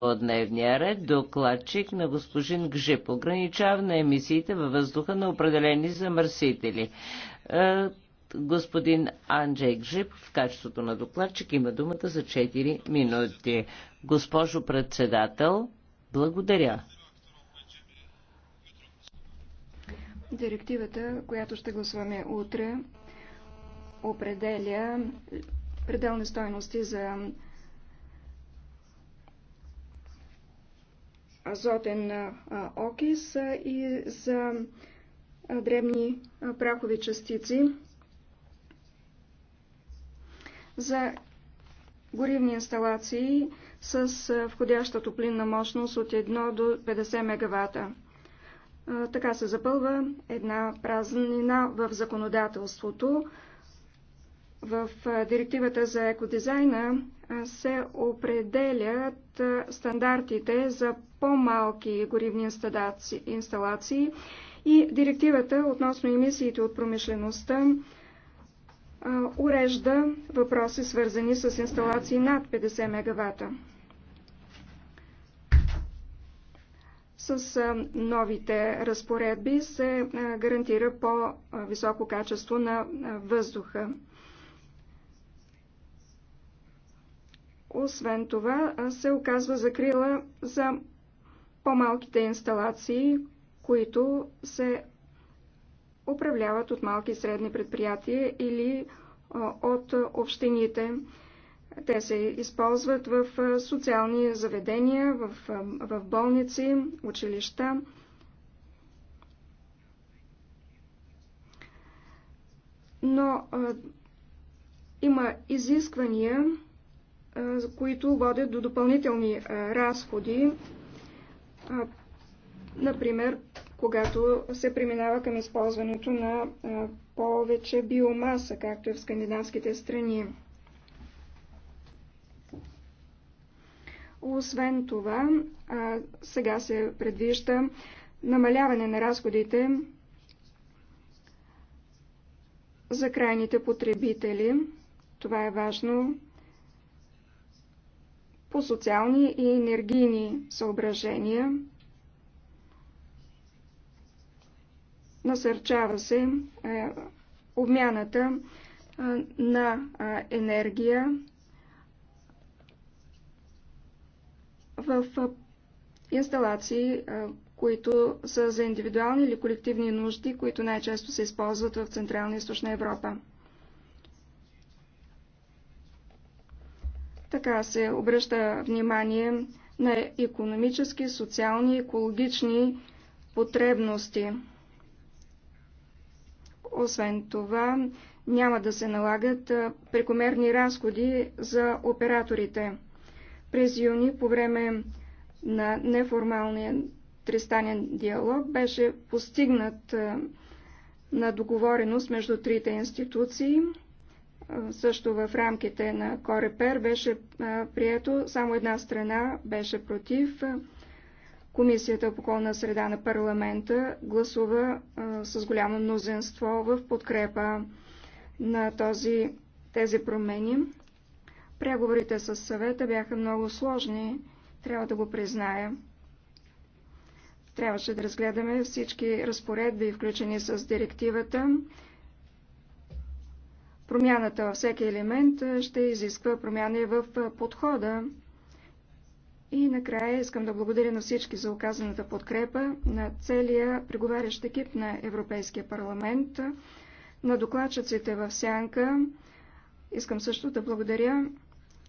по дневния ред докладчик на господин пограничава на емисиите във въздуха на определени замърсители. Е, господин Анджей Гжип в качеството на докладчик има думата за 4 минути. Госпожо председател, благодаря. Директивата, която ще гласуваме утре, определя пределни стойности за азотен окис и за дребни прахови частици. За горивни инсталации с входяща топлинна мощност от 1 до 50 МВт. Така се запълва една празнина в законодателството, в директивата за екодизайна се определят стандартите за по-малки горивни инсталации и директивата относно емисиите от промишлеността урежда въпроси свързани с инсталации над 50 мегавата. С новите разпоредби се гарантира по-високо качество на въздуха. Освен това се оказва закрила за по-малките инсталации, които се управляват от малки и средни предприятия или от общините. Те се използват в социални заведения, в, в болници, училища. Но а, има изисквания които водят до допълнителни разходи, например, когато се преминава към използването на повече биомаса, както е в скандинавските страни. Освен това, сега се предвижда намаляване на разходите за крайните потребители. Това е важно по социални и енергийни съображения. Насърчава се е, обмяната е, на е, енергия в е, инсталации, е, които са за индивидуални или колективни нужди, които най-често се използват в Централна и Източна Европа. Така се обръща внимание на економически, социални и екологични потребности. Освен това, няма да се налагат прекомерни разходи за операторите. През юни, по време на неформалния тристанен диалог, беше постигнат на договореност между трите институции – също в рамките на Корепер беше прието, само една страна беше против. Комисията по околна среда на парламента гласува с голямо мнозинство в подкрепа на този, тези промени. Преговорите с съвета бяха много сложни, трябва да го призная. Трябваше да разгледаме всички разпоредби, включени с директивата. Промяната във всеки елемент ще изисква промяна в подхода. И накрая искам да благодаря на всички за оказаната подкрепа, на целия преговарящ екип на Европейския парламент, на докладчиците в Сянка. Искам също да благодаря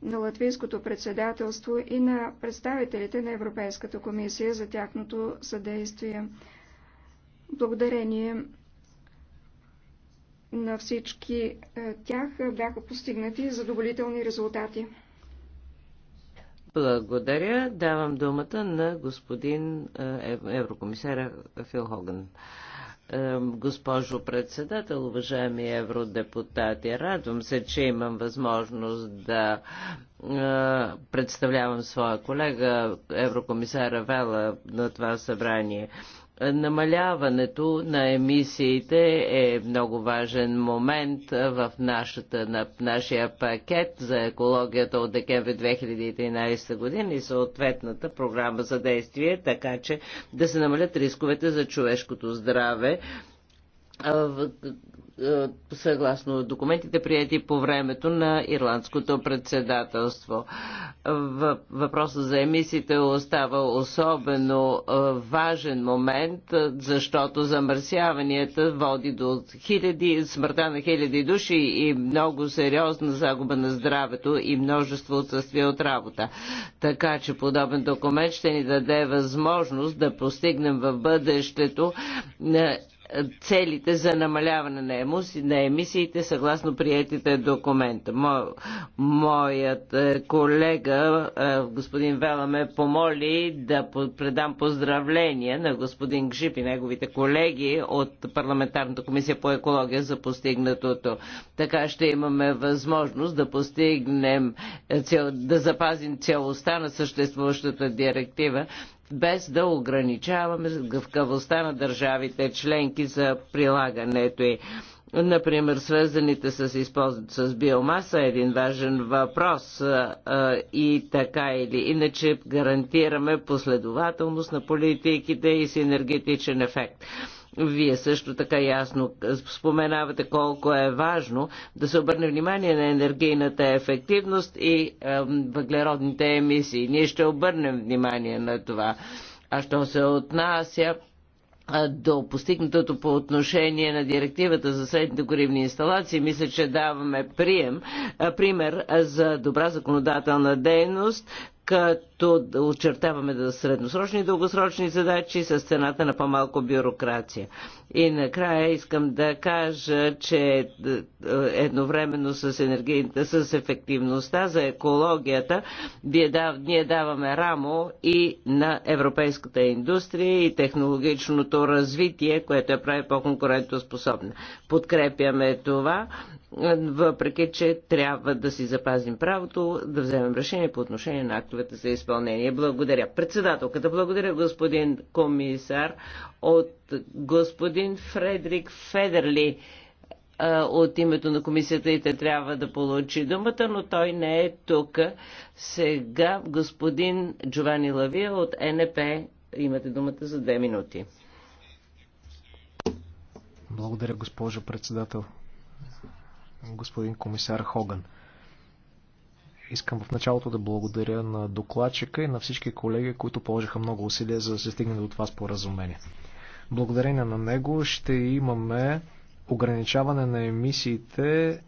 на Латвийското председателство и на представителите на Европейската комисия за тяхното съдействие. Благодарение на всички е, тях бяха постигнати задоволителни резултати. Благодаря. Давам думата на господин е, еврокомисаря Фил Хоган. Е, госпожо председател, уважаеми евродепутати, радвам се, че имам възможност да представлявам своя колега, еврокомисара Вела, на това събрание. Намаляването на емисиите е много важен момент в нашата, на нашия пакет за екологията от декември 2013 година и съответната програма за действие, така че да се намалят рисковете за човешкото здраве е, съгласно документите, прияти по времето на ирландското председателство. Въпросът за емисиите остава особено е, важен момент, е, защото замърсяванията води до хиляди, смъртта на хиляди души и много сериозна загуба на здравето и множество отсъствие от работа. Така че подобен документ ще ни даде възможност да постигнем в бъдещето целите за намаляване на емисиите съгласно приятите документа. Моят е, колега, е, господин Вела, ме помоли да предам поздравления на господин Гжип и неговите колеги от Парламентарната комисия по екология за постигнатото. Така ще имаме възможност да постигнем, е, да запазим целостта на съществуващата директива без да ограничаваме гъвкавостта на държавите членки за прилагането й. Например, свързаните с, използ... с биомаса е един важен въпрос и така или иначе гарантираме последователност на политиките и синергетичен ефект. Вие също така ясно споменавате колко е важно да се обърне внимание на енергийната ефективност и въглеродните емисии. Ние ще обърнем внимание на това. А що се отнася до постигнатото по отношение на директивата за средните горивни инсталации, мисля, че даваме прием, пример за добра законодателна дейност, като очертаваме да средносрочни и дългосрочни задачи с цената на по-малко бюрокрация. И накрая искам да кажа, че е, едновременно с, енергийната, с ефективността за екологията, ние даваме рамо и на европейската индустрия и технологичното развитие, което я прави по-конкурентоспособна. Подкрепяме това въпреки че трябва да си запазим правото да вземем решение по отношение на актовете за изпълнение. Благодаря. Председателката, благодаря господин комисар от господин Фредрик Федерли от името на комисията и те трябва да получи думата, но той не е тук. Сега господин Джовани Лавия от НП имате думата за две минути. Благодаря, госпожо председател господин комисар Хоган. Искам в началото да благодаря на докладчика и на всички колеги, които положиха много усилия за да се стигне до това споразумение. Благодарение на него ще имаме ограничаване на емисиите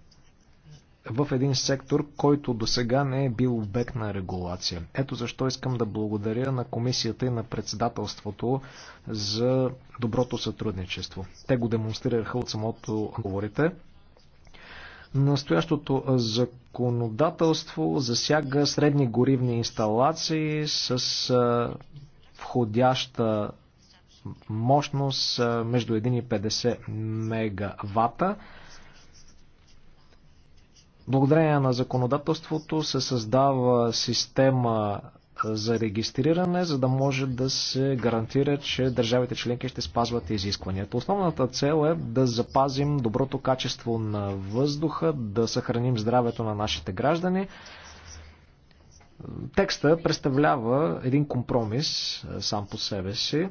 в един сектор, който до сега не е бил обект на регулация. Ето защо искам да благодаря на комисията и на председателството за доброто сътрудничество. Те го демонстрираха от самото говорите. Настоящото законодателство засяга средни горивни инсталации с входяща мощност между 1 и 50 мегавата. Благодарение на законодателството се създава система за регистриране, за да може да се гарантира, че държавите членки ще спазват изискванията. Основната цел е да запазим доброто качество на въздуха, да съхраним здравето на нашите граждани. Текста представлява един компромис е, сам по себе си.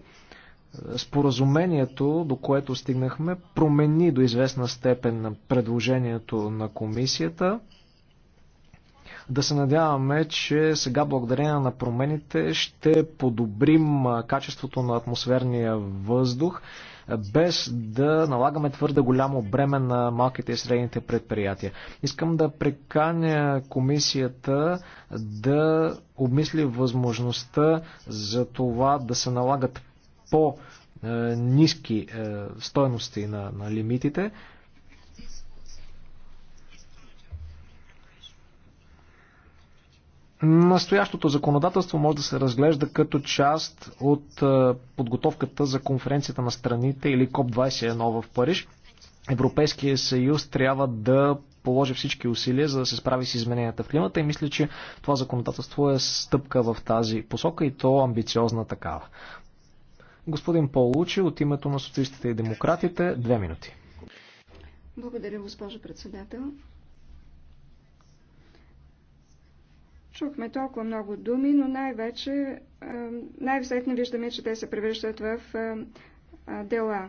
Споразумението, до което стигнахме, промени до известна степен предложението на комисията – да се надяваме, че сега благодарение на промените ще подобрим качеството на атмосферния въздух, без да налагаме твърде голямо бреме на малките и средните предприятия. Искам да преканя комисията да обмисли възможността за това да се налагат по-низки стойности на, на лимитите, Настоящото законодателство може да се разглежда като част от е, подготовката за конференцията на страните или КОП-21 в Париж. Европейския съюз трябва да положи всички усилия, за да се справи с измененията в климата и мисля, че това законодателство е стъпка в тази посока и то амбициозна такава. Господин Лучи, от името на социалистите и демократите, две минути. Благодаря, госпожо председател. Чухме толкова много думи, но най-вече, най не виждаме, че те се превръщат в дела.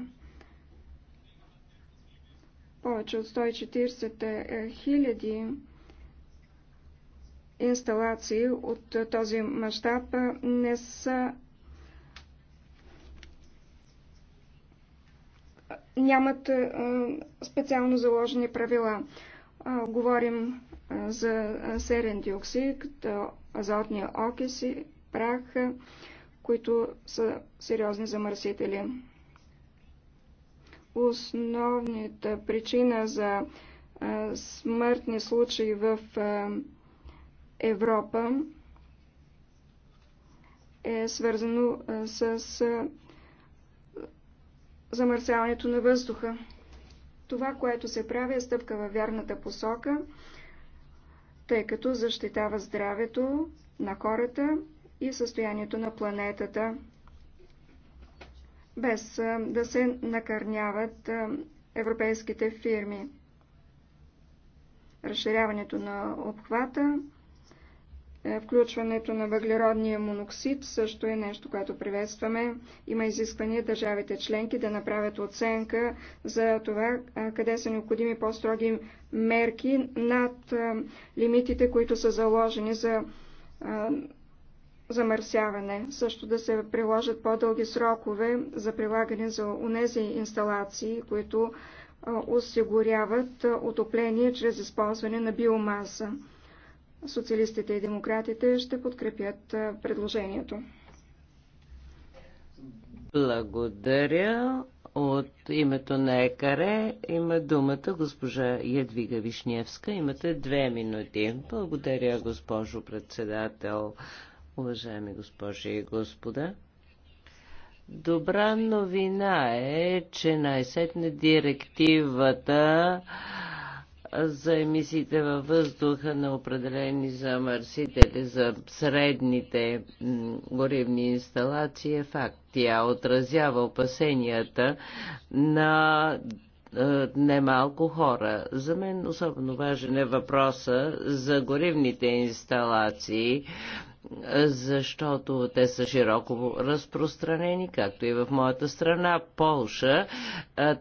Повече от 140 е, хиляди инсталации от този мащаб не са нямат специално заложени правила говорим за серен диоксид, окис окиси, прах, които са сериозни замърсители. Основната причина за смъртни случаи в Европа е свързано с замърсяването на въздуха. Това, което се прави, е стъпка във вярната посока, тъй като защитава здравето на хората и състоянието на планетата, без да се накърняват европейските фирми. Разширяването на обхвата е, включването на въглеродния моноксид също е нещо, което приветстваме. Има изисквания държавите членки да направят оценка за това къде са необходими по-строги мерки над лимитите, които са заложени за замърсяване. Също да се приложат по-дълги срокове за прилагане за унези инсталации, които осигуряват отопление чрез използване на биомаса социалистите и демократите ще подкрепят предложението. Благодаря. От името на ЕКАРЕ има думата госпожа Ядвига Вишневска. Имате две минути. Благодаря, госпожо председател, уважаеми госпожи и господа. Добра новина е, че най-сетне директивата за емисиите във въздуха на определени замърсители за средните горивни инсталации е факт. Тя отразява опасенията на е, немалко хора. За мен особено важен е въпроса за горивните инсталации защото те са широко разпространени, както и в моята страна, Полша.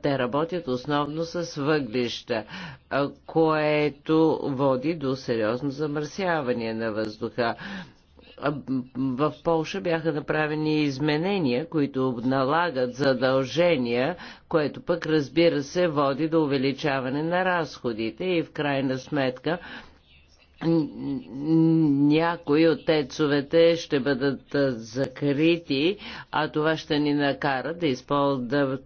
Те работят основно с въглища, което води до сериозно замърсяване на въздуха в Полша бяха направени изменения, които налагат задължения, което пък разбира се води до увеличаване на разходите и в крайна сметка някои от тецовете ще бъдат закрити, а това ще ни накара да, изпол... да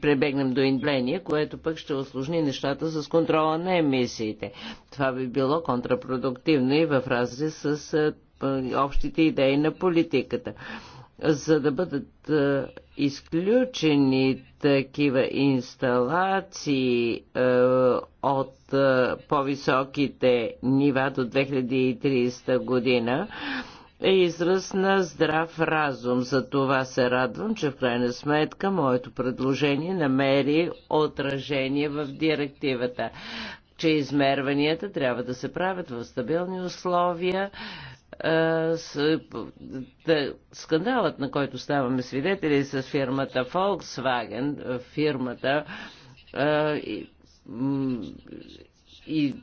прибегнем до инбление, което пък ще осложни нещата с контрола на емисиите. Това би било контрапродуктивно и в разрез с общите идеи на политиката за да бъдат изключени такива инсталации от по-високите нива до 2030 година е израз на здрав разум. За това се радвам, че в крайна сметка моето предложение намери отражение в директивата, че измерванията трябва да се правят в стабилни условия скандалът, на който ставаме свидетели с фирмата Volkswagen, фирмата и, и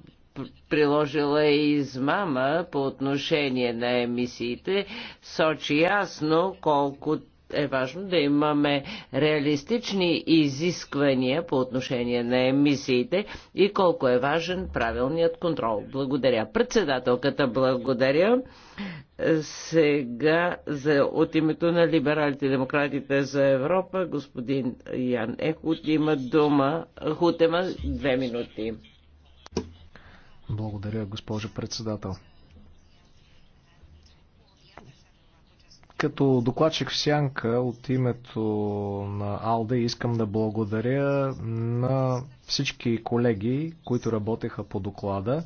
приложила е измама по отношение на емисиите, сочи ясно колко е важно да имаме реалистични изисквания по отношение на емисиите и колко е важен правилният контрол. Благодаря. Председателката, благодаря. Сега за, от името на либералите и демократите за Европа, господин Ян Ехут има дума. Хутема, две минути. Благодаря, госпожо председател. Като докладчик в Сянка от името на Алде искам да благодаря на всички колеги, които работеха по доклада.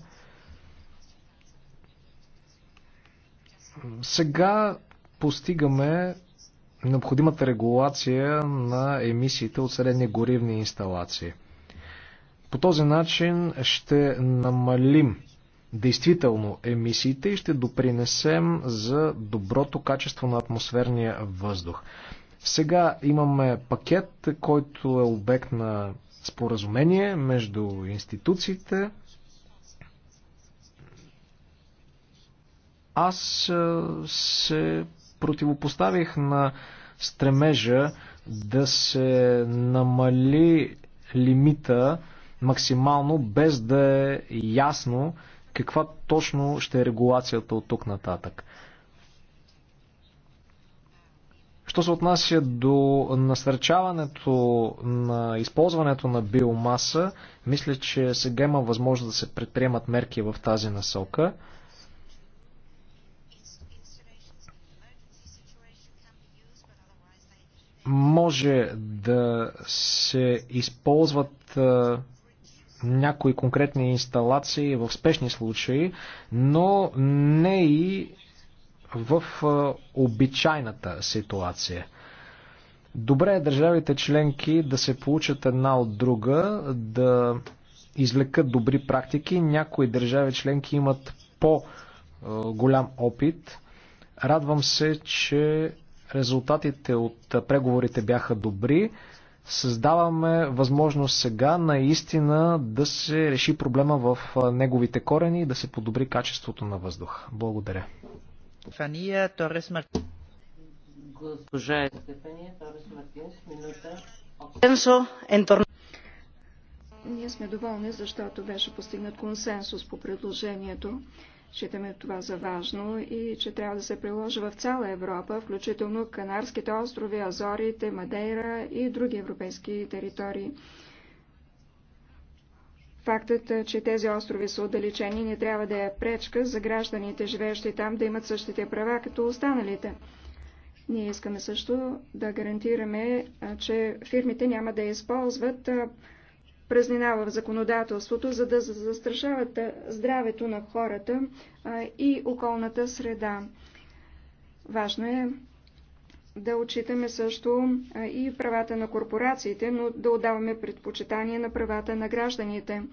Сега постигаме необходимата регулация на емисиите от средни горивни инсталации. По този начин ще намалим действително емисиите и ще допринесем за доброто качество на атмосферния въздух. Сега имаме пакет, който е обект на споразумение между институциите. Аз се противопоставих на стремежа да се намали лимита максимално, без да е ясно каква точно ще е регулацията от тук нататък. Що се отнася до насърчаването на използването на биомаса, мисля, че сега има възможност да се предприемат мерки в тази насока. Може да се използват някои конкретни инсталации в спешни случаи, но не и в обичайната ситуация. Добре е държавите членки да се получат една от друга, да извлекат добри практики. Някои държави членки имат по-голям опит. Радвам се, че резултатите от преговорите бяха добри създаваме възможност сега наистина да се реши проблема в неговите корени и да се подобри качеството на въздух. Благодаря. Фания Торес Госпожа Торес минута. Ние сме доволни, защото беше постигнат консенсус по предложението. Считаме това за важно и че трябва да се приложи в цяла Европа, включително Канарските острови, Азорите, Мадейра и други европейски територии. Фактът, че тези острови са отдалечени, не трябва да е пречка за гражданите, живеещи там, да имат същите права, като останалите. Ние искаме също да гарантираме, че фирмите няма да използват празнина в законодателството, за да застрашават здравето на хората и околната среда. Важно е да отчитаме също и правата на корпорациите, но да отдаваме предпочитание на правата на гражданите.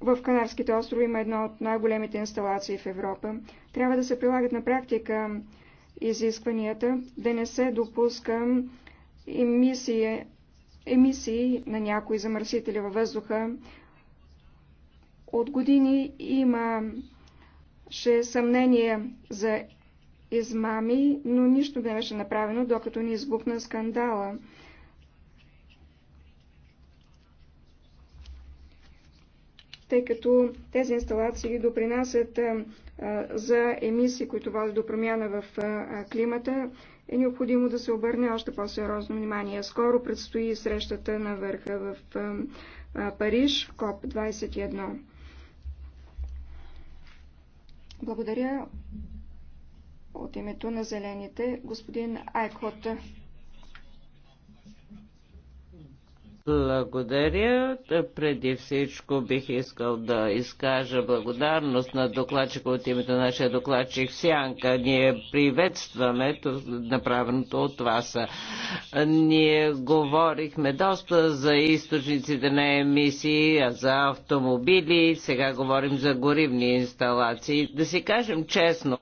В Канарските острови има една от най-големите инсталации в Европа. Трябва да се прилагат на практика изискванията, да не се допуска емисия емисии на някои замърсители във въздуха. От години имаше съмнение за измами, но нищо не беше направено, докато ни избухна скандала. тъй като тези инсталации допринасят за емисии, които водят до промяна в климата, е необходимо да се обърне още по-сериозно внимание. Скоро предстои срещата на върха в Париж, КОП 21. Благодаря от името на зелените господин Айкхот. Благодаря. Преди всичко бих искал да изкажа благодарност на докладчика от името на нашия докладчик Сянка. Ние приветстваме направеното от вас. Ние говорихме доста за източниците на емисии, за автомобили, сега говорим за горивни инсталации. Да си кажем честно,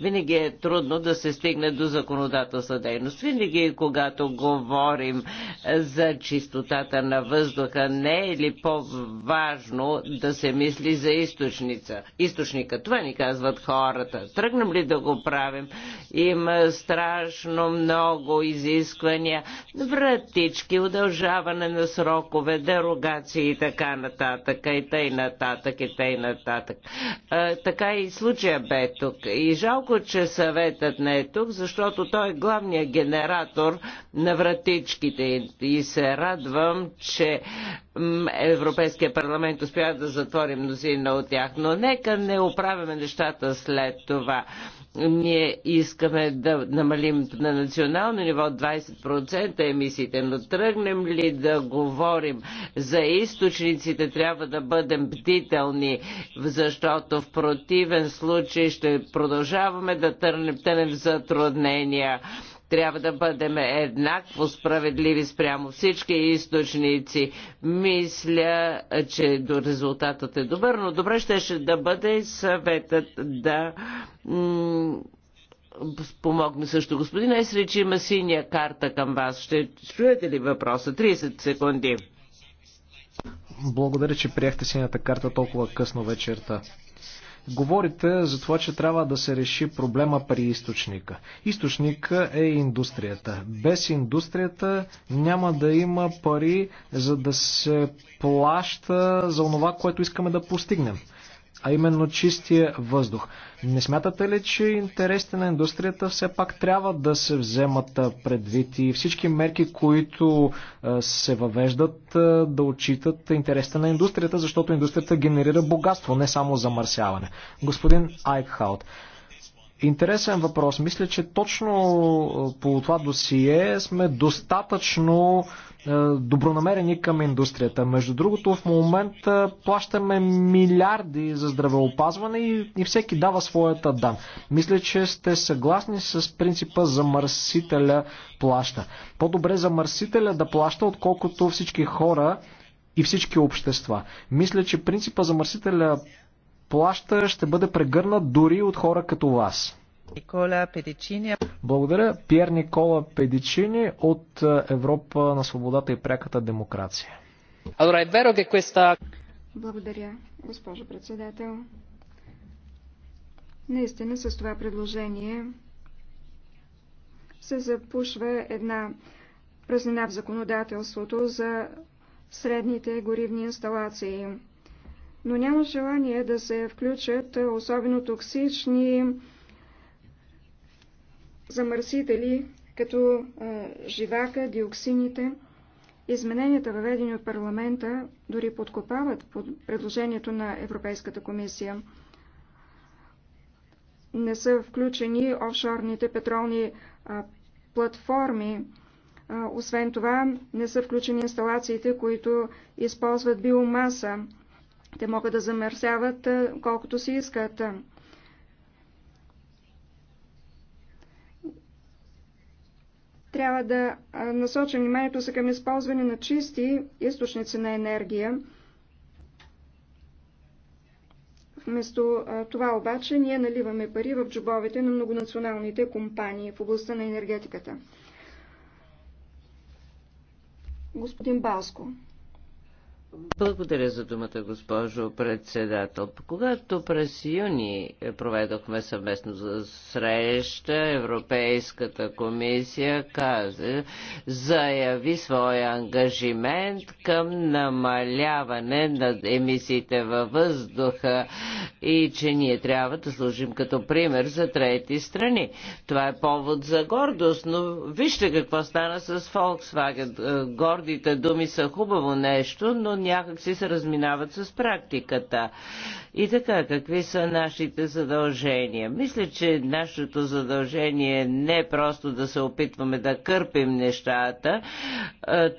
винаги е трудно да се стигне до законодателства дейност. Винаги, когато говорим е, за чистотата на въздуха, не е ли по-важно да се мисли за източница? източника? Това ни казват хората. Тръгнем ли да го правим? Има страшно много изисквания, вратички, удължаване на срокове, дерогации и така нататък, и тъй нататък, и тъй нататък. А, е, така и случая бе тук. И жалко Жалко, че съветът не е тук, защото той е главният генератор на вратичките и се радвам, че Европейския парламент успя да затвори мнозина от тях. Но нека не оправяме нещата след това. Ние искаме да намалим на национално ниво 20% емисиите, но тръгнем ли да говорим за източниците, трябва да бъдем бдителни, защото в противен случай ще продължаваме да тънем в затруднения трябва да бъдем еднакво справедливи спрямо всички източници. Мисля, че до резултатът е добър, но добре ще, ще да бъде съветът да помогне също. Господин Есрич има синя карта към вас. Ще чуете ли въпроса? 30 секунди. Благодаря, че приехте синята карта толкова късно вечерта. Говорите за това, че трябва да се реши проблема при източника. Източника е индустрията. Без индустрията няма да има пари, за да се плаща за това, което искаме да постигнем а именно чистия въздух. Не смятате ли, че интересите на индустрията все пак трябва да се вземат предвид и всички мерки, които се въвеждат да отчитат интересите на индустрията, защото индустрията генерира богатство, не само замърсяване? Господин Айкхаут, интересен въпрос. Мисля, че точно по това досие сме достатъчно е, добронамерени към индустрията. Между другото, в момента плащаме милиарди за здравеопазване и, и всеки дава своята дан. Мисля, че сте съгласни с принципа замърсителя плаща. По-добре замърсителя да плаща, отколкото всички хора и всички общества. Мисля, че принципа замърсителя плаща ще бъде прегърнат дори от хора като вас. Никола Педичини. Благодаря. Пьер Никола Педичини от е, Европа на свободата и пряката демокрация. Allora, è vero che questa... Благодаря, госпожо председател. Наистина с това предложение се запушва една празнина в законодателството за средните горивни инсталации. Но няма желание да се включат особено токсични замърсители, като живака, диоксините. Измененията, въведени от парламента, дори подкопават под предложението на Европейската комисия. Не са включени офшорните петролни платформи. Освен това, не са включени инсталациите, които използват биомаса. Те могат да замърсяват колкото си искат. Трябва да насочим вниманието си към използване на чисти източници на енергия. Вместо това обаче ние наливаме пари в джобовете на многонационалните компании в областта на енергетиката. Господин Балско. Благодаря за думата, госпожо председател. Когато през юни проведохме съвместно за среща, Европейската комисия каза, заяви своя ангажимент към намаляване на емисиите във въздуха и че ние трябва да служим като пример за трети страни. Това е повод за гордост, но вижте какво стана с Volkswagen. Гордите думи са хубаво нещо, но си се разминават с практиката. И така, какви са нашите задължения? Мисля, че нашето задължение е не е просто да се опитваме да кърпим нещата.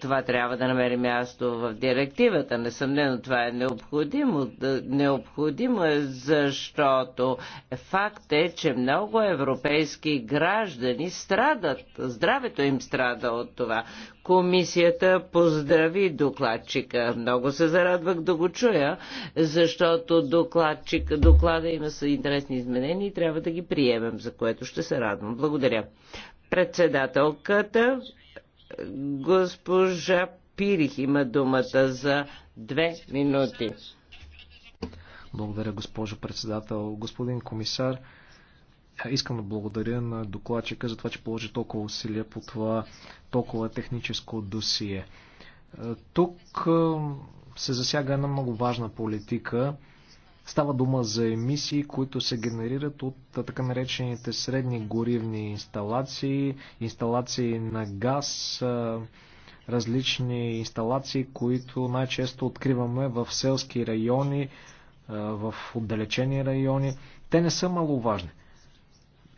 Това трябва да намери място в директивата. Несъмнено това е необходимо. Необходимо е, защото факт е, че много европейски граждани страдат. Здравето им страда от това. Комисията поздрави докладчика. Много се зарадвах да го чуя, защото докладчик, доклада има са интересни изменения и трябва да ги приемем, за което ще се радвам. Благодаря. Председателката госпожа Пирих има думата за две минути. Благодаря, госпожо председател. Господин комисар, Искам да благодаря на докладчика за това, че положи толкова усилия по това толкова техническо досие. Тук се засяга една много важна политика. Става дума за емисии, които се генерират от така наречените средни горивни инсталации, инсталации на газ, различни инсталации, които най-често откриваме в селски райони, в отдалечени райони. Те не са маловажни.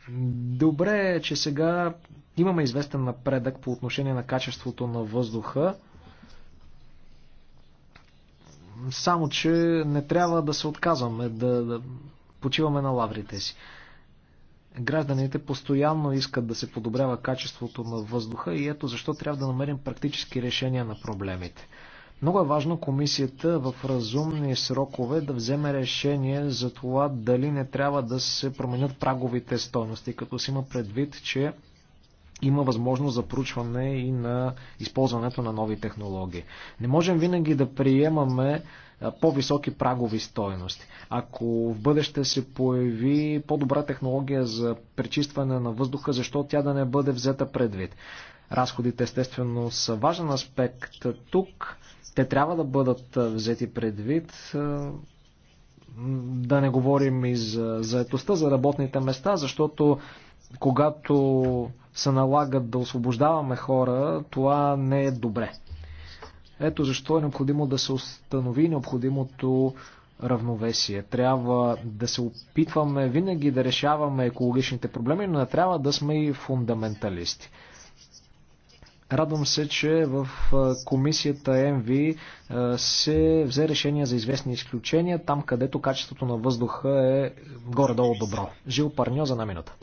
Добре е, че сега имаме известен напредък по отношение на качеството на въздуха. Само, че не трябва да се отказваме, да, да почиваме на лаврите си. Гражданите постоянно искат да се подобрява качеството на въздуха и ето защо трябва да намерим практически решения на проблемите. Много е важно комисията в разумни срокове да вземе решение за това дали не трябва да се променят праговите стоености, като си има предвид, че има възможност за проучване и на използването на нови технологии. Не можем винаги да приемаме по-високи прагови стоености. Ако в бъдеще се появи по-добра технология за пречистване на въздуха, защо тя да не бъде взета предвид? Разходите естествено са важен аспект тук. Те трябва да бъдат взети предвид. Да не говорим и за заетостта, за работните места, защото когато се налагат да освобождаваме хора, това не е добре. Ето защо е необходимо да се установи необходимото равновесие. Трябва да се опитваме винаги да решаваме екологичните проблеми, но не трябва да сме и фундаменталисти. Радвам се, че в комисията МВ се взе решение за известни изключения, там където качеството на въздуха е горе-долу добро. Жил Парньо за на минута.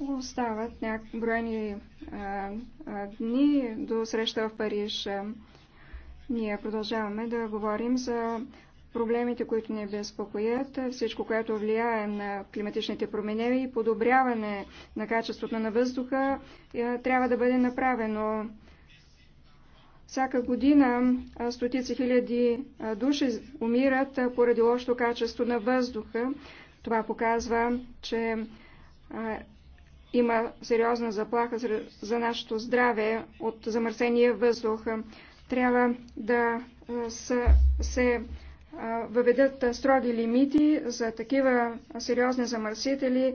Остават някакви броени дни до среща в Париж. Ние продължаваме да говорим за проблемите, които ни безпокоят, е всичко, което влияе на климатичните промени и подобряване на качеството на въздуха, е, трябва да бъде направено. Всяка година стотици хиляди души умират поради лошото качество на въздуха. Това показва, че има сериозна заплаха за нашето здраве от замърсения въздух. Трябва да се въведат строги лимити за такива сериозни замърсители,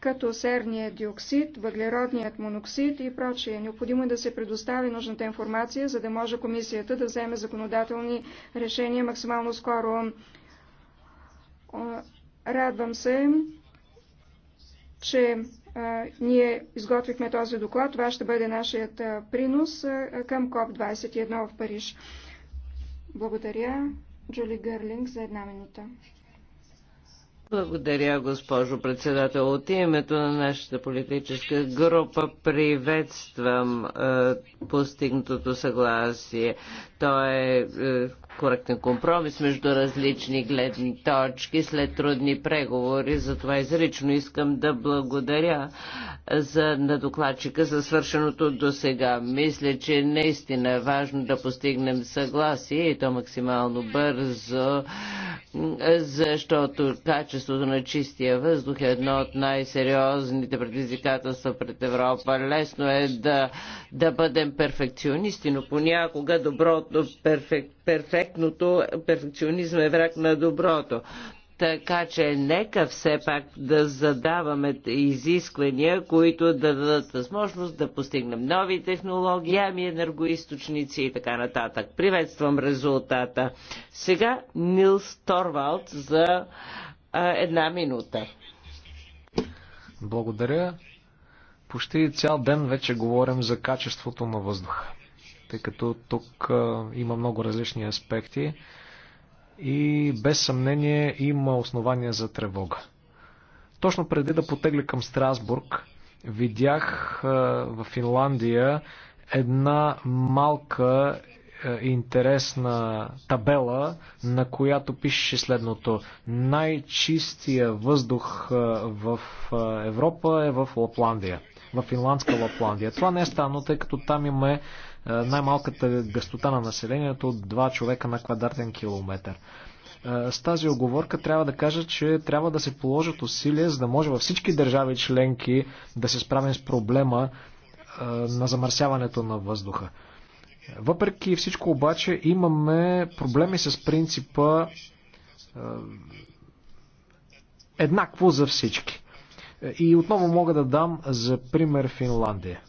като серния диоксид, въглеродният моноксид и прочие. Необходимо е да се предостави нужната информация, за да може комисията да вземе законодателни решения максимално скоро. Радвам се, че ние изготвихме този доклад. Това ще бъде нашият принос към КОП-21 в Париж. Благодаря. Джули Гърлинг за една минута. Благодаря, госпожо председател. От името на нашата политическа група приветствам е, постигнатото съгласие. То е, е коректен компромис между различни гледни точки след трудни преговори. Затова изрично искам да благодаря за, на докладчика за свършеното до сега. Мисля, че наистина е важно да постигнем съгласие и то максимално бързо, защото качеството на чистия въздух е едно от най-сериозните предизвикателства пред Европа. Лесно е да, да бъдем перфекционисти, но понякога доброто перфект, перфект перфектното, перфекционизъм е враг на доброто. Така че нека все пак да задаваме изисквания, които да дадат възможност да постигнем нови технологии, ами енергоисточници и така нататък. Приветствам резултата. Сега Нилс Торвалд за а, една минута. Благодаря. Почти цял ден вече говорим за качеството на въздуха тъй като тук има много различни аспекти и без съмнение има основания за тревога. Точно преди да потегля към Страсбург, видях в Финландия една малка интересна табела, на която пише следното. Най-чистия въздух в Европа е в Лапландия. В финландска Лапландия. Това не е станало, тъй като там има е, най-малката гъстота на населението от 2 човека на квадратен километр. Е, с тази оговорка трябва да кажа, че трябва да се положат усилия, за да може във всички държави членки да се справим с проблема е, на замърсяването на въздуха. Въпреки всичко обаче имаме проблеми с принципа еднакво за всички. И отново мога да дам за пример Финландия.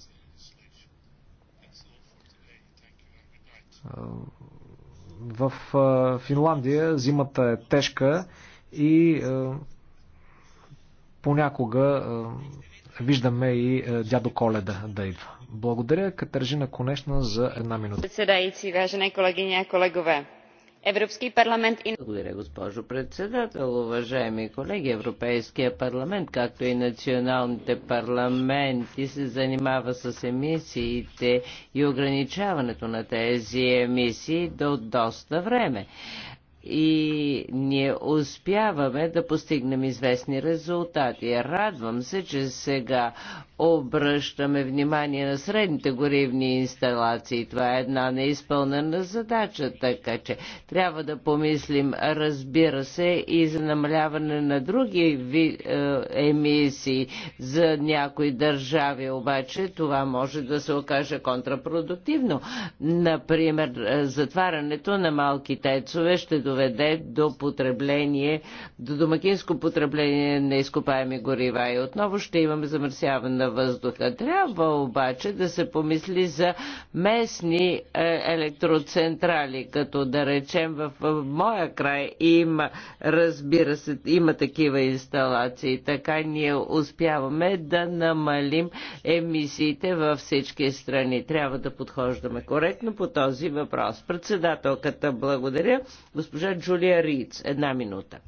В Финландия зимата е тежка и понякога виждаме и дядо Коледа да идва. Благодаря Катържина Конешна за една минута парламент и... Благодаря, госпожо председател. Уважаеми колеги, Европейския парламент, както и националните парламенти, се занимава с емисиите и ограничаването на тези емисии до доста време и ние успяваме да постигнем известни резултати. Радвам се, че сега обръщаме внимание на средните горивни инсталации. Това е една неизпълнена задача, така че трябва да помислим, разбира се, и за намаляване на други ви, е, емисии за някои държави, обаче това може да се окаже контрапродуктивно. Например, е, затварянето на малки тецове ще доведе доведе до потребление, до домакинско потребление на изкопаеми горива и отново ще имаме замърсяване на въздуха. Трябва обаче да се помисли за местни е, електроцентрали, като да речем в, моя край има, разбира се, има такива инсталации. Така ние успяваме да намалим емисиите във всички страни. Трябва да подхождаме коректно по този въпрос. Председателката, благодаря. Госпожа Госпожа Джулия Риц, една минута.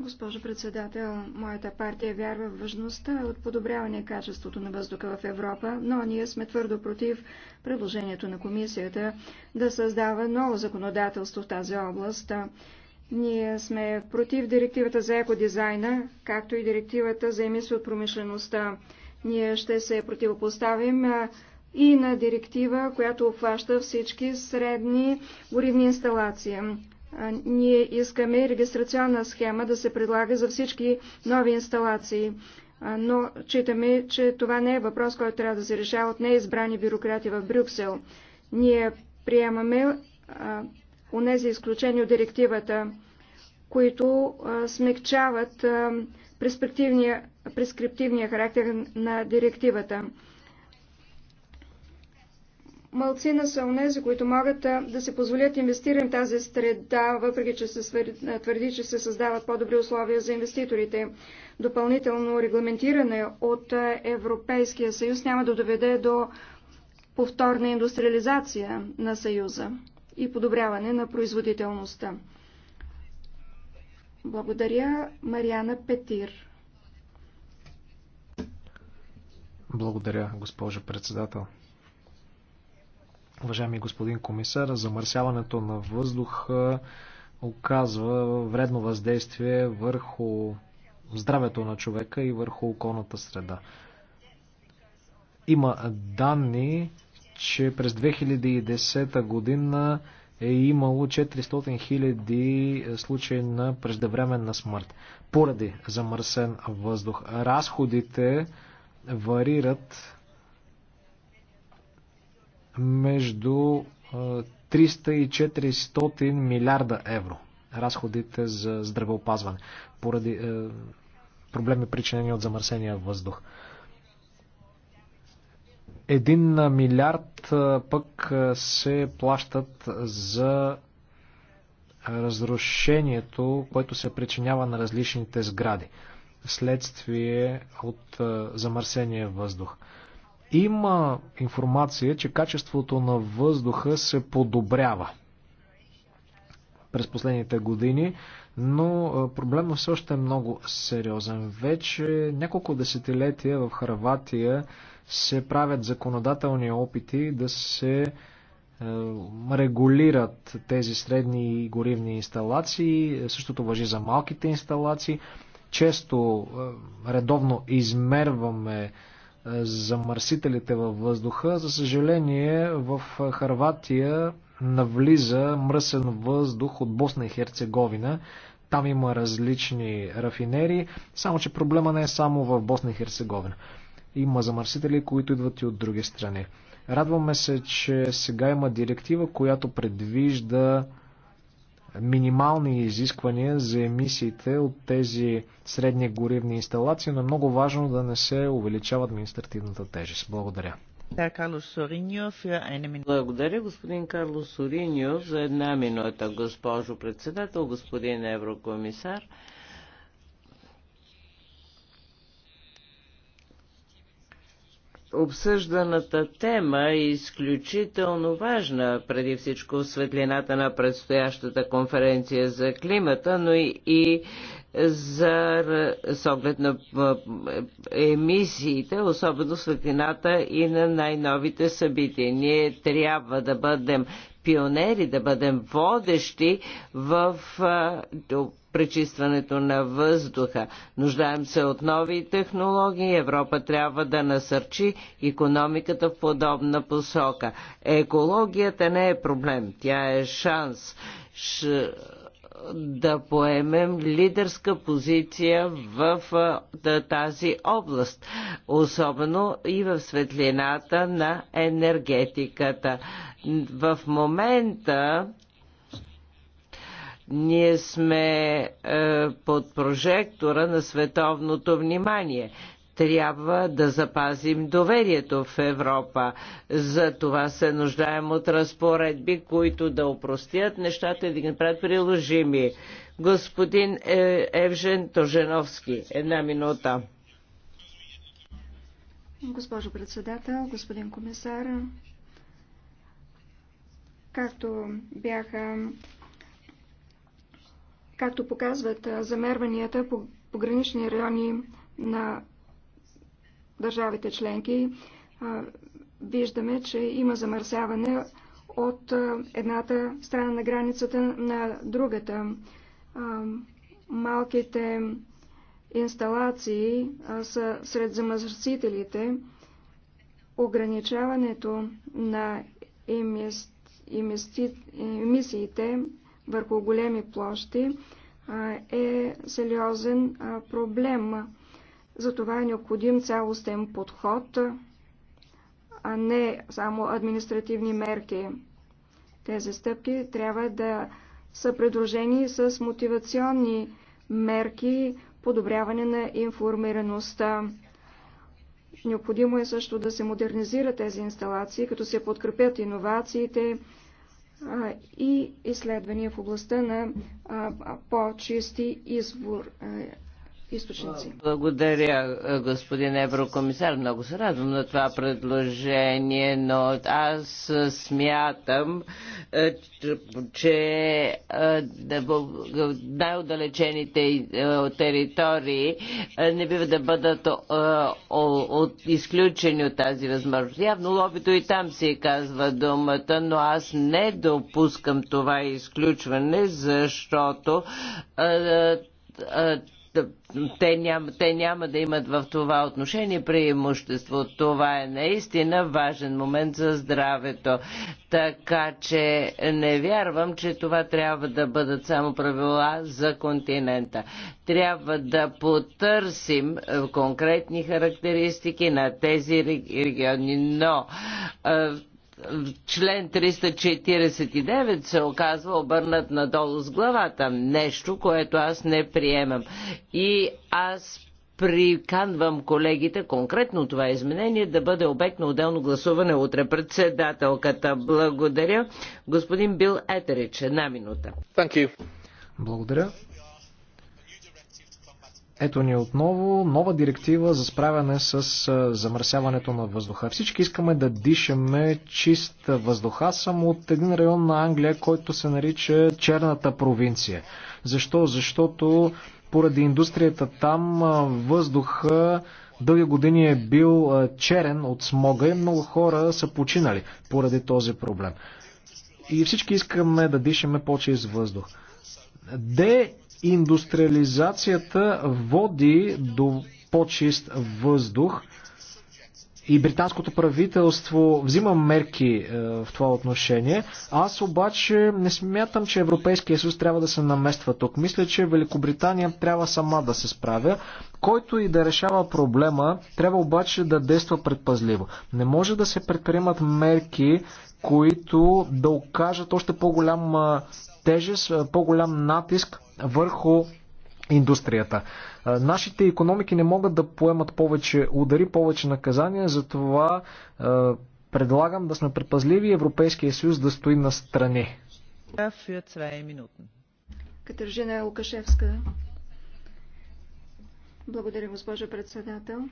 Госпожо председател, моята партия вярва в важността от подобряване качеството на въздуха в Европа, но ние сме твърдо против предложението на комисията да създава ново законодателство в тази област. Ние сме против директивата за екодизайна, както и директивата за емисия от промишлеността. Ние ще се противопоставим и на директива, която обхваща всички средни горивни инсталации. Ние искаме регистрационна схема да се предлага за всички нови инсталации, но читаме, че това не е въпрос, който трябва да се решава от неизбрани бюрократи в Брюксел. Ние приемаме нези изключения от директивата, които смягчават прескриптивния, прескриптивния характер на директивата. Малцина са унези, които могат да се позволят инвестирам в тази среда, въпреки че се твърди, че се създават по-добри условия за инвеститорите. Допълнително регламентиране от Европейския съюз няма да доведе до повторна индустриализация на съюза и подобряване на производителността. Благодаря, Мариана Петир. Благодаря, госпожо председател. Уважаеми господин комисар, замърсяването на въздуха оказва вредно въздействие върху здравето на човека и върху околната среда. Има данни, че през 2010 година е имало 400 000 е, случаи на преждевременна смърт поради замърсен въздух. Разходите варират между 300 е, и 400 милиарда евро. Разходите за здравеопазване поради е, проблеми причинени от замърсения въздух. Един милиард пък се плащат за разрушението, което се причинява на различните сгради, следствие от замърсения въздух. Има информация, че качеството на въздуха се подобрява през последните години но проблема все още е много сериозен. Вече няколко десетилетия в Харватия се правят законодателни опити да се регулират тези средни горивни инсталации. Същото въжи за малките инсталации. Често редовно измерваме замърсителите във въздуха. За съжаление, в Харватия навлиза мръсен въздух от Босна и Херцеговина. Там има различни рафинери, само че проблема не е само в Босна и Херцеговина. Има замърсители, които идват и от други страни. Радваме се, че сега има директива, която предвижда минимални изисквания за емисиите от тези средни горивни инсталации, но е много важно да не се увеличава административната тежест. Благодаря. Благодаря, господин Карлос Сориньо, за една минута, госпожо председател, господин еврокомисар. Обсъжданата тема е изключително важна, преди всичко светлината на предстоящата конференция за климата, но и, и за, с оглед на емисиите, особено светлината и на най-новите събития. Ние трябва да бъдем пионери, да бъдем водещи в пречистването на въздуха. Нуждаем се от нови технологии. Европа трябва да насърчи економиката в подобна посока. Екологията не е проблем, тя е шанс да поемем лидерска позиция в тази област, особено и в светлината на енергетиката. В момента ние сме е, под прожектора на световното внимание. Трябва да запазим доверието в Европа. За това се нуждаем от разпоредби, които да опростят нещата и да ги направят приложими. Господин е, Евжен Тоженовски, една минута. Госпожо председател, господин комисар, както бяха както показват замерванията по погранични райони на държавите членки виждаме, че има замърсяване от едната страна на границата на другата. Малките инсталации са сред замърсителите. Ограничаването на емисиите върху големи площи е сериозен проблем. Затова е необходим цялостен подход, а не само административни мерки. Тези стъпки трябва да са придружени с мотивационни мерки, подобряване на информираността. Необходимо е също да се модернизират тези инсталации, като се подкрепят иновациите и изследвания в областта на по-чисти извори източници. Благодаря, господин еврокомисар. Много се радвам на това предложение, но аз смятам, е, че е, най-отдалечените е, територии не бива да бъдат изключени от тази възможност. Явно лобито и там си казва думата, но аз не допускам това изключване, защото те няма, те няма да имат в това отношение преимущество. Това е наистина важен момент за здравето. Така че не вярвам, че това трябва да бъдат само правила за континента. Трябва да потърсим е, конкретни характеристики на тези региони, но е, член 349 се оказва обърнат надолу с главата. Нещо, което аз не приемам. И аз приканвам колегите конкретно това изменение да бъде обект на отделно гласуване утре. Председателката, благодаря. Господин Бил Етерич, една минута. Благодаря. Ето ни отново нова директива за справяне с замърсяването на въздуха. Всички искаме да дишаме чист въздух. Аз съм от един район на Англия, който се нарича Черната провинция. Защо? Защото поради индустрията там въздуха дълги години е бил черен от смога и много хора са починали поради този проблем. И всички искаме да дишаме по-чист въздух. Де Индустриализацията води до по-чист въздух и британското правителство взима мерки е, в това отношение. Аз обаче не смятам, че Европейския съюз трябва да се намества тук. Мисля, че Великобритания трябва сама да се справя. Който и да решава проблема, трябва обаче да действа предпазливо. Не може да се предприемат мерки, които да окажат още по-голям тежест, по-голям натиск върху индустрията. Нашите економики не могат да поемат повече удари, повече наказания, затова предлагам да сме предпазливи Европейския съюз да стои на страни. Катържина Лукашевска. Благодаря, госпожа председател.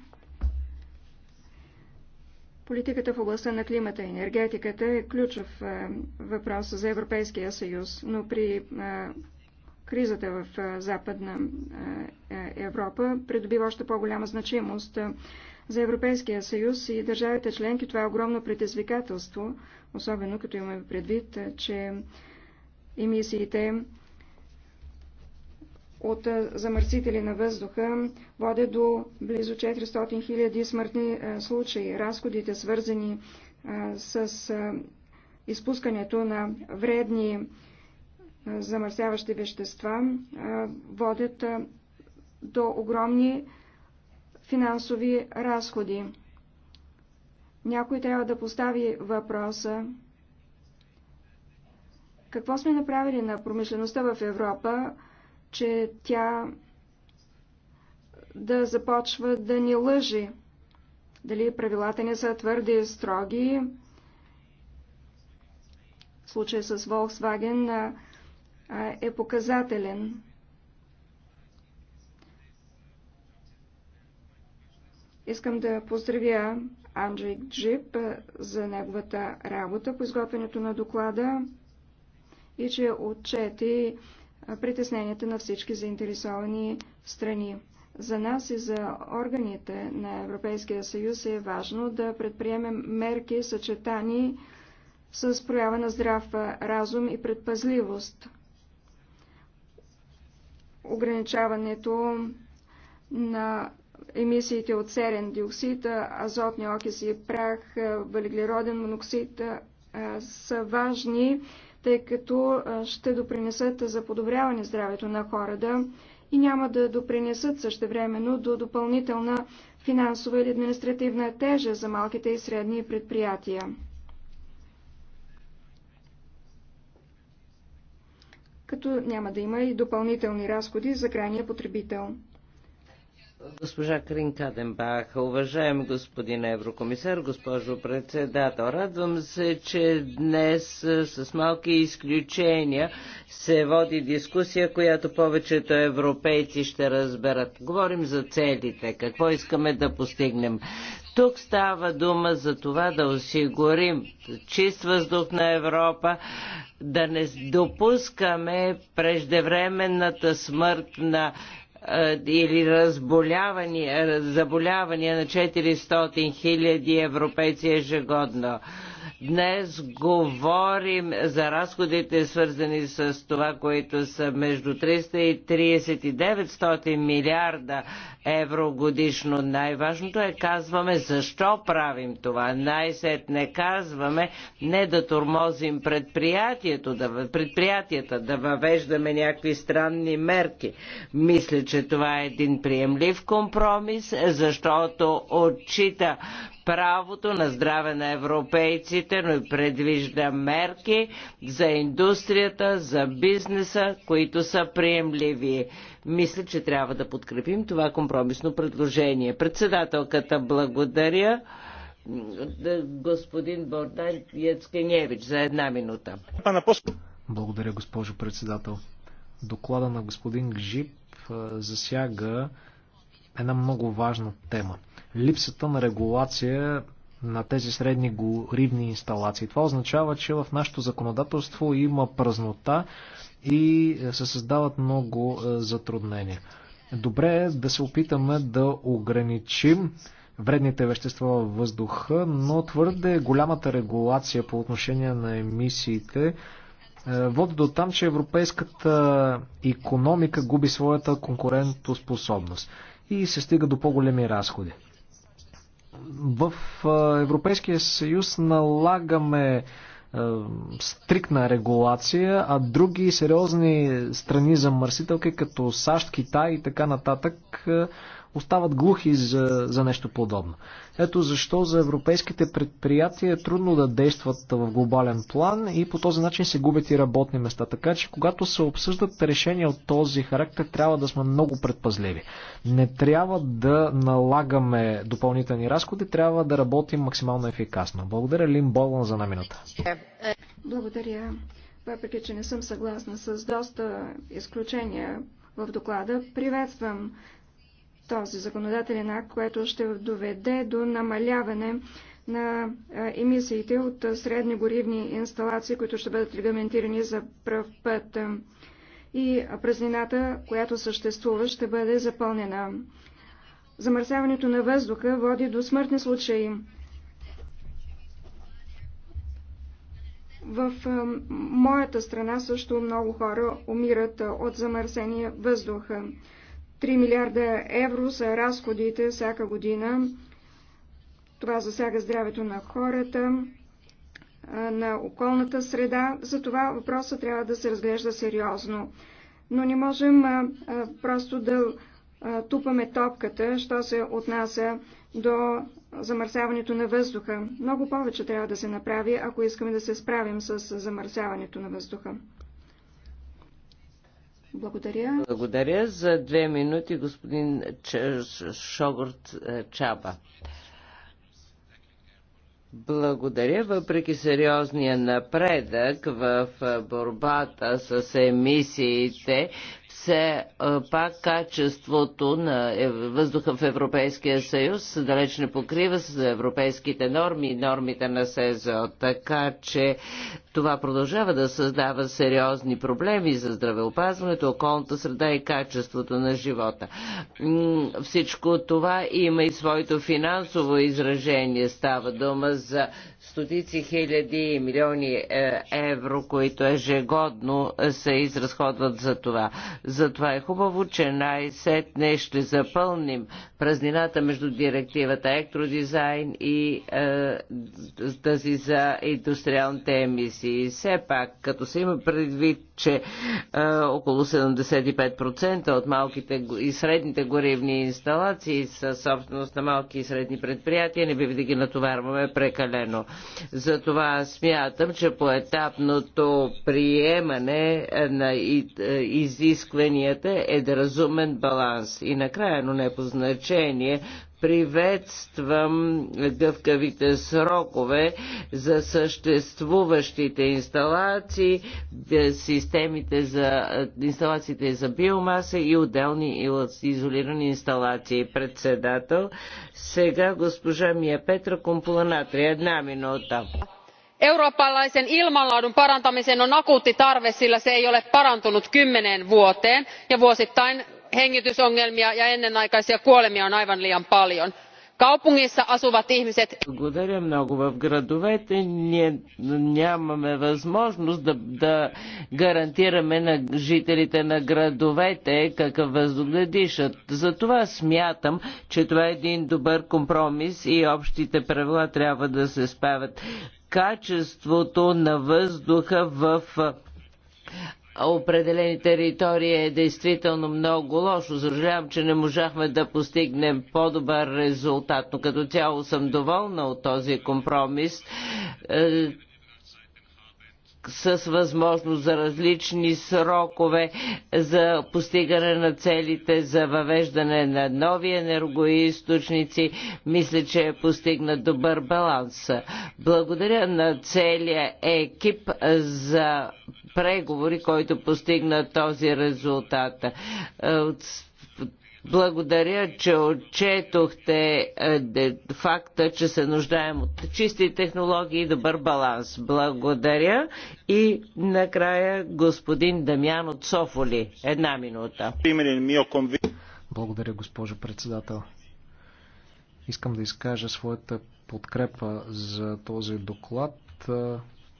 Политиката в областта на климата и енергетиката е ключов е, въпрос за Европейския съюз, но при е, кризата в е, Западна Европа придобива още по-голяма значимост. За Европейския съюз и държавите членки това е огромно предизвикателство, особено като имаме предвид, че емисиите от замърсители на въздуха води до близо 400 000 смъртни случаи. Разходите, свързани с изпускането на вредни замърсяващи вещества, водят до огромни финансови разходи. Някой трябва да постави въпроса какво сме направили на промишлеността в Европа, че тя да започва да ни лъжи. Дали правилата не са твърде строги. Случай с Volkswagen е показателен. Искам да поздравя Андрей Джип за неговата работа по изготвянето на доклада и че отчети притесненията на всички заинтересовани страни. За нас и за органите на Европейския съюз е важно да предприемем мерки, съчетани с проява на здрав разум и предпазливост. Ограничаването на емисиите от серен диоксид, азотни окиси, прах, въглероден моноксид са важни тъй като ще допринесат за подобряване здравето на хората и няма да допринесат същевременно до допълнителна финансова или административна тежа за малките и средни предприятия. като няма да има и допълнителни разходи за крайния потребител. Госпожа Крин Каденбах, уважаем господин еврокомисар, госпожо председател, радвам се, че днес е, с малки изключения се води дискусия, която повечето европейци ще разберат. Говорим за целите, какво искаме да постигнем. Тук става дума за това да осигурим чист въздух на Европа, да не допускаме преждевременната смърт на или разболявания, заболявания на 400 хиляди европейци ежегодно. Днес говорим за разходите, свързани с това, които са между 300 и 3900 милиарда евро годишно. Най-важното е казваме защо правим това. Най-сетне казваме не да тормозим предприятието, да, предприятията, да въвеждаме някакви странни мерки. Мисля, че това е един приемлив компромис, защото отчита правото на здраве на европейците, но и предвижда мерки за индустрията, за бизнеса, които са приемливи. Мисля, че трябва да подкрепим това компромисно предложение. Председателката благодаря господин Бордан Яцкеневич за една минута. Благодаря, госпожо председател. Доклада на господин Гжип засяга една много важна тема липсата на регулация на тези средни горивни инсталации. Това означава, че в нашето законодателство има празнота и се създават много е, затруднения. Добре е да се опитаме да ограничим вредните вещества във въздуха, но твърде голямата регулация по отношение на емисиите е, води до там, че европейската економика губи своята конкурентоспособност и се стига до по-големи разходи. В Европейския съюз налагаме стрикна регулация, а други сериозни страни замърсителки, като САЩ, Китай и така нататък, остават глухи за, за нещо подобно. Ето защо за европейските предприятия е трудно да действат в глобален план и по този начин се губят и работни места. Така че когато се обсъждат решения от този характер, трябва да сме много предпазливи. Не трябва да налагаме допълнителни разходи, трябва да работим максимално ефикасно. Благодаря Лин Болан за една Благодаря. Въпреки, че не съм съгласна с доста изключения в доклада, приветствам този законодателен акт, което ще доведе до намаляване на емисиите от средни горивни инсталации, които ще бъдат регламентирани за пръв път. И празнината, която съществува, ще бъде запълнена. Замърсяването на въздуха води до смъртни случаи. В моята страна също много хора умират от замърсения въздуха. 3 милиарда евро са разходите всяка година. Това засяга здравето на хората, на околната среда. Затова въпросът трябва да се разглежда сериозно. Но не можем просто да тупаме топката, що се отнася до замърсяването на въздуха. Много повече трябва да се направи, ако искаме да се справим с замърсяването на въздуха. Благодаря. Благодаря. За две минути господин Шогорт е, Чаба. Благодаря. Въпреки сериозния напредък в е, борбата с емисиите, все е, пак качеството на въздуха в Европейския съюз далеч не покрива с европейските норми и нормите на СЕЗО. Така че това продължава да създава сериозни проблеми за здравеопазването, околната среда и качеството на живота. Всичко това има и своето финансово изражение. Става дума за стотици хиляди и милиони е, евро, които ежегодно се изразходват за това. Затова е хубаво, че най-сетне ще запълним празнината между директивата Ектродизайн и е, тази за индустриалните емисии пенсии. Все пак, като се има предвид, че е, около 75% от малките и средните горивни инсталации са собственост на малки и средни предприятия, не бива да ги натоварваме прекалено. Затова смятам, че поетапното приемане на изискванията е да разумен баланс. И накрая, но не по значение, приветствам гъвкавите срокове за съществуващите инсталации, системите за инсталациите за биомаса и отделни изолирани инсталации. Председател, сега госпожа Мия Петра Компланатри, Една минута. Eurooppalaisen ilmanlaadun parantamisen on akuutti tarve, sillä se ei ole parantunut kymmeneen vuoteen ja vuosittain hengitysongelmia ja ennenaikaisia kuolemia on aivan liian paljon. Kaupungissa asuvat ihmiset... Благодаря много. В градовете ние нямаме възможност да, да гарантираме на жителите на градовете какъв въздух Затова смятам, че това е един добър компромис и общите правила трябва да се спавят качеството на въздуха в определени територии е действително много лошо. Съжалявам, че не можахме да постигнем по-добър резултат, но като цяло съм доволна от този компромис е, с възможност за различни срокове за постигане на целите за въвеждане на нови енергоисточници. Мисля, че е постигнат добър баланс. Благодаря на целия екип за преговори, който постигна този резултат. Благодаря, че отчетохте е, факта, че се нуждаем от чисти технологии и добър баланс. Благодаря. И накрая господин Дамян от Софоли. Една минута. Благодаря, госпожо председател. Искам да изкажа своята подкрепа за този доклад.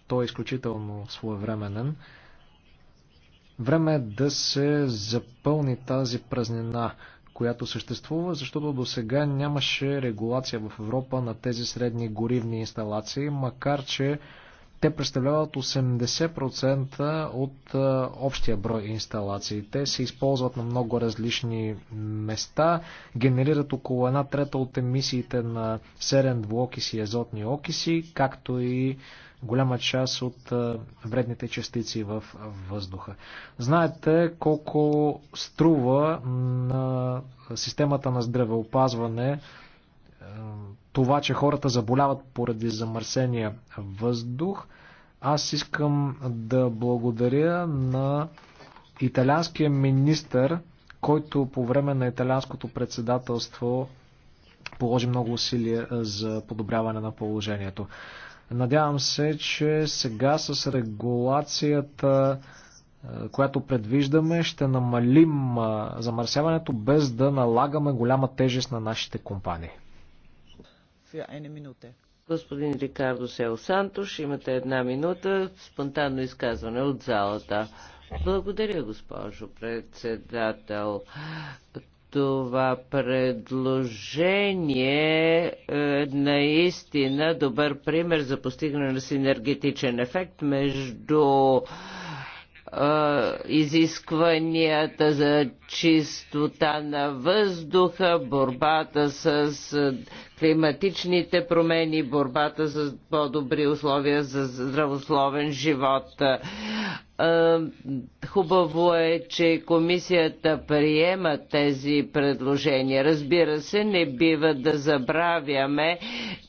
Той е изключително своевременен. Време е да се запълни тази празнина която съществува, защото до сега нямаше регулация в Европа на тези средни горивни инсталации, макар че те представляват 80% от общия брой инсталации. Те се използват на много различни места, генерират около една трета от емисиите на серен двуокиси и азотни окиси, както и голяма част от вредните частици в въздуха. Знаете колко струва на системата на здравеопазване това, че хората заболяват поради замърсения въздух. Аз искам да благодаря на италианския министр, който по време на италианското председателство положи много усилия за подобряване на положението. Надявам се, че сега с регулацията, е, която предвиждаме, ще намалим е, замърсяването без да налагаме голяма тежест на нашите компании. Господин Рикардо Сел Сантош, имате една минута спонтанно изказване от залата. Благодаря, госпожо председател това предложение е наистина добър пример за постигане на синергетичен ефект между изискванията за чистота на въздуха, борбата с климатичните промени, борбата с по-добри условия за здравословен живот. Хубаво е, че комисията приема тези предложения. Разбира се, не бива да забравяме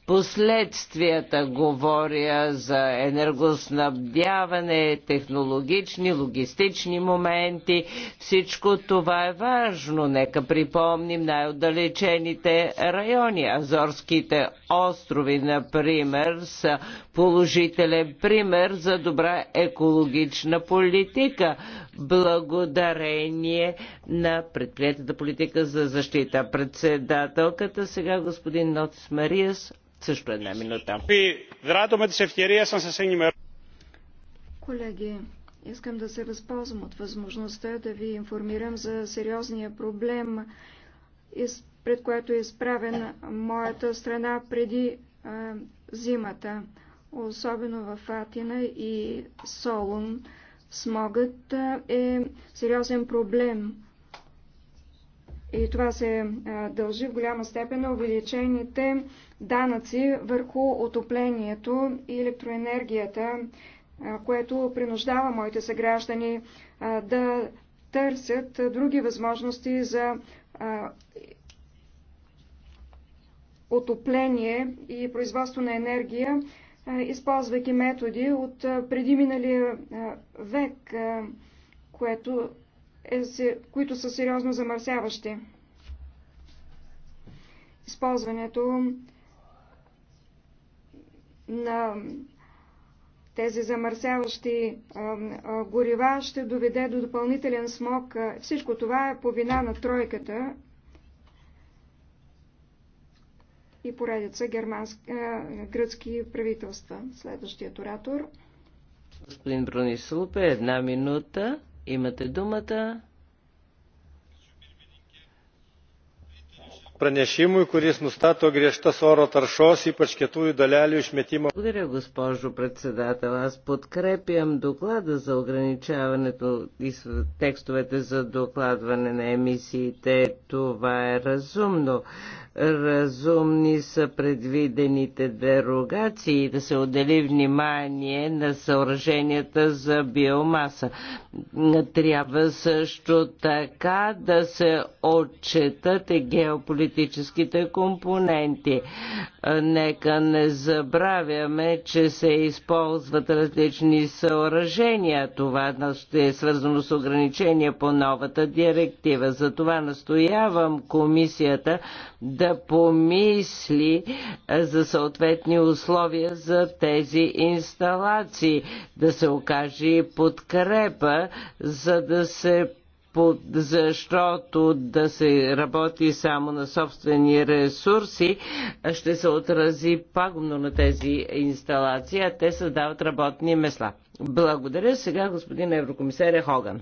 последствията. Говоря за енергоснабдяване, технологични, логистични моменти. Всичко това е важно. Нека припомним най-отдалечените райони. Азорските острови, например, са положителен пример за добра екологична на политика, благодарение на предприятата политика за защита. Председателката сега господин Нотис Мариас също една минута. Колеги, искам да се възползвам от възможността да ви информирам за сериозния проблем, пред който е изправен моята страна преди е, зимата, особено в Атина и Солун. Смогът е сериозен проблем. И това се дължи в голяма степен на увеличените данъци върху отоплението и електроенергията, което принуждава моите съграждани да търсят други възможности за отопление и производство на енергия, използвайки методи от преди миналия век, което е, които са сериозно замърсяващи. Използването на тези замърсяващи горива ще доведе до допълнителен смог. Всичко това е по вина на тройката и поредица германски, е, гръцки правителства. Следващият оратор. Господин Бронислупе, една минута. Имате думата. pranešimui kuris nustato griežtas oro taršos ypač kietųjų dalelių išmetimo. Благодаря, госпожо председател. Аз подкрепям доклада за ограничаването и текстовете за докладване на емисиите. Това е разумно. Разумни са предвидените дерогации да се отдели внимание на съоръженията за биомаса. Трябва също така да се отчетат и геополитически политическите компоненти. Нека не забравяме, че се използват различни съоръжения. Това ще е свързано с ограничения по новата директива. Затова настоявам комисията да помисли за съответни условия за тези инсталации, да се окаже и подкрепа, за да се защото да се работи само на собствени ресурси ще се отрази пагубно на тези инсталации, а те създават работни месла. Благодаря сега господин еврокомисаря Хоган.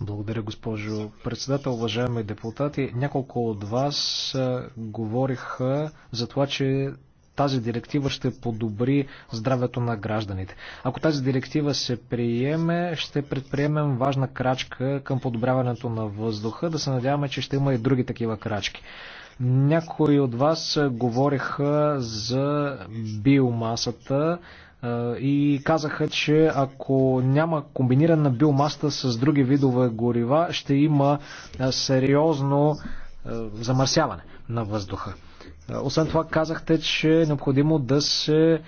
Благодаря, госпожо председател. Уважаеми депутати, няколко от вас говориха за това, че тази директива ще подобри здравето на гражданите. Ако тази директива се приеме, ще предприемем важна крачка към подобряването на въздуха. Да се надяваме, че ще има и други такива крачки. Някои от вас говориха за биомасата и казаха, че ако няма комбинирана биомаса с други видове горива, ще има сериозно замърсяване на въздуха. Е, освен това казахте, че е необходимо да се е,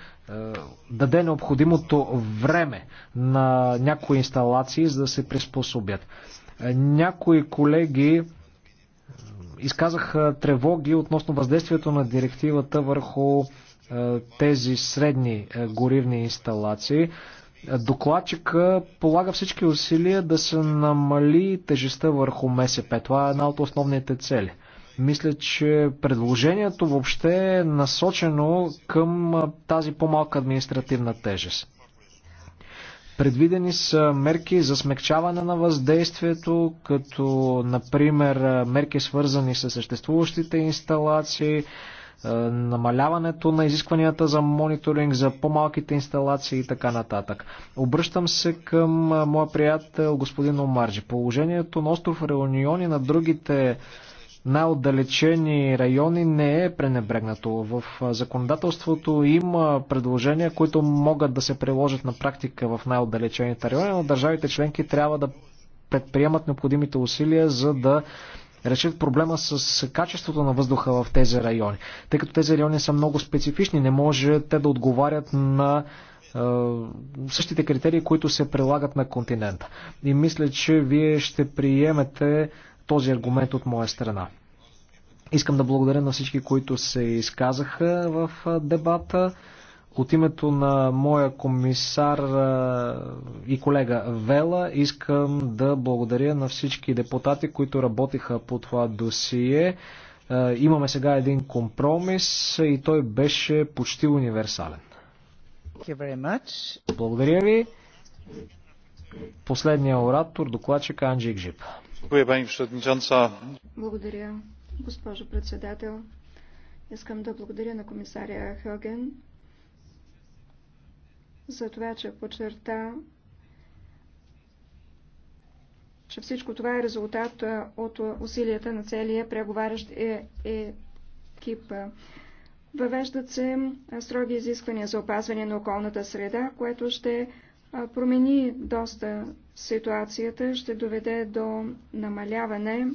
даде необходимото време на някои инсталации, за да се приспособят. Е, някои колеги изказаха тревоги относно въздействието на директивата върху тези средни горивни инсталации. Докладчика полага всички усилия да се намали тежестта върху МСП. Това е една от основните цели – мисля, че предложението въобще е насочено към тази по-малка административна тежест. Предвидени са мерки за смягчаване на въздействието, като например мерки свързани с съществуващите инсталации, намаляването на изискванията за мониторинг, за по-малките инсталации и така нататък. Обръщам се към моя приятел господин Омарджи. Положението на остров Реунион и на другите най-отдалечени райони не е пренебрегнато. В законодателството има предложения, които могат да се приложат на практика в най-отдалечените райони, но държавите членки трябва да предприемат необходимите усилия, за да решат проблема с качеството на въздуха в тези райони. Тъй като тези райони са много специфични, не може те да отговарят на е, същите критерии, които се прилагат на континента. И мисля, че вие ще приемете този аргумент от моя страна. Искам да благодаря на всички, които се изказаха в дебата. От името на моя комисар и колега Вела искам да благодаря на всички депутати, които работиха по това досие. Имаме сега един компромис и той беше почти универсален. Благодаря ви. Последния оратор, докладчик Анджи Гжип. Благодаря, Госпожо председател, искам да благодаря на комисаря Хелген за това, че подчерта, че всичко това е резултат от усилията на целия преговарящ е, е, екип. Въвеждат се строги изисквания за опазване на околната среда, което ще промени доста ситуацията, ще доведе до намаляване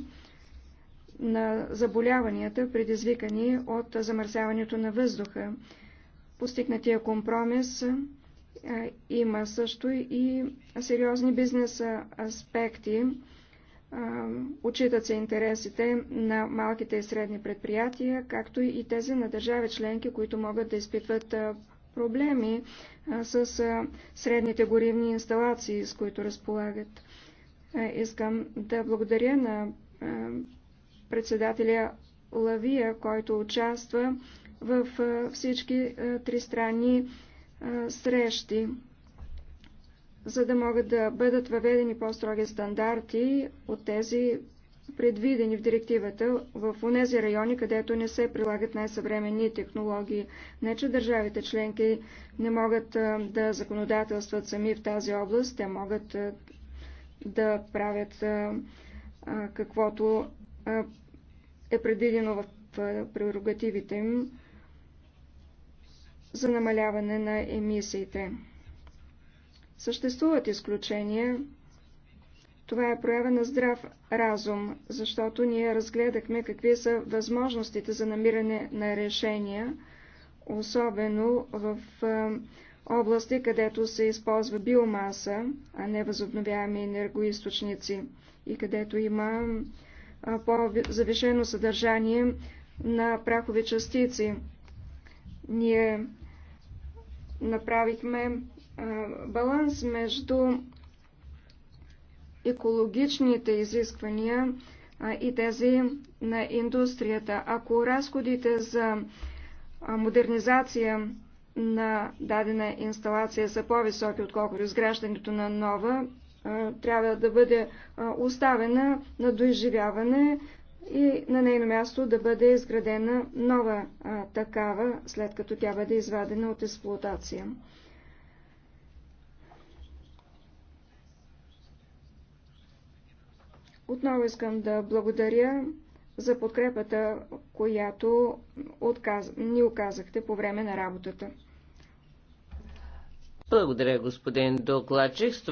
на заболяванията, предизвикани от замърсяването на въздуха. Постигнатия компромис е, има също и сериозни бизнес аспекти. Е, очитат се интересите на малките и средни предприятия, както и тези на държави членки, които могат да изпитват е, проблеми с средните горивни инсталации, с които разполагат. Искам да благодаря на председателя Лавия, който участва в всички тристранни срещи. За да могат да бъдат въведени по-строги стандарти от тези предвидени в директивата в тези райони, където не се прилагат най-съвременни технологии. Не, че държавите членки не могат да законодателстват сами в тази област, те могат да правят каквото е предвидено в прерогативите им за намаляване на емисиите. Съществуват изключения. Това е проява на здрав разум, защото ние разгледахме какви са възможностите за намиране на решения, особено в области, където се използва биомаса, а не възобновяеми енергоисточници и където има по-завишено съдържание на прахови частици. Ние направихме баланс между екологичните изисквания и тези на индустрията. Ако разходите за модернизация на дадена инсталация са по-високи, отколкото изграждането на нова, трябва да бъде оставена на доизживяване и на нейно място да бъде изградена нова такава, след като тя бъде извадена от експлуатация. Отново искам да благодаря за подкрепата, която отказ... ни оказахте по време на работата. Благодаря, господин докладчик.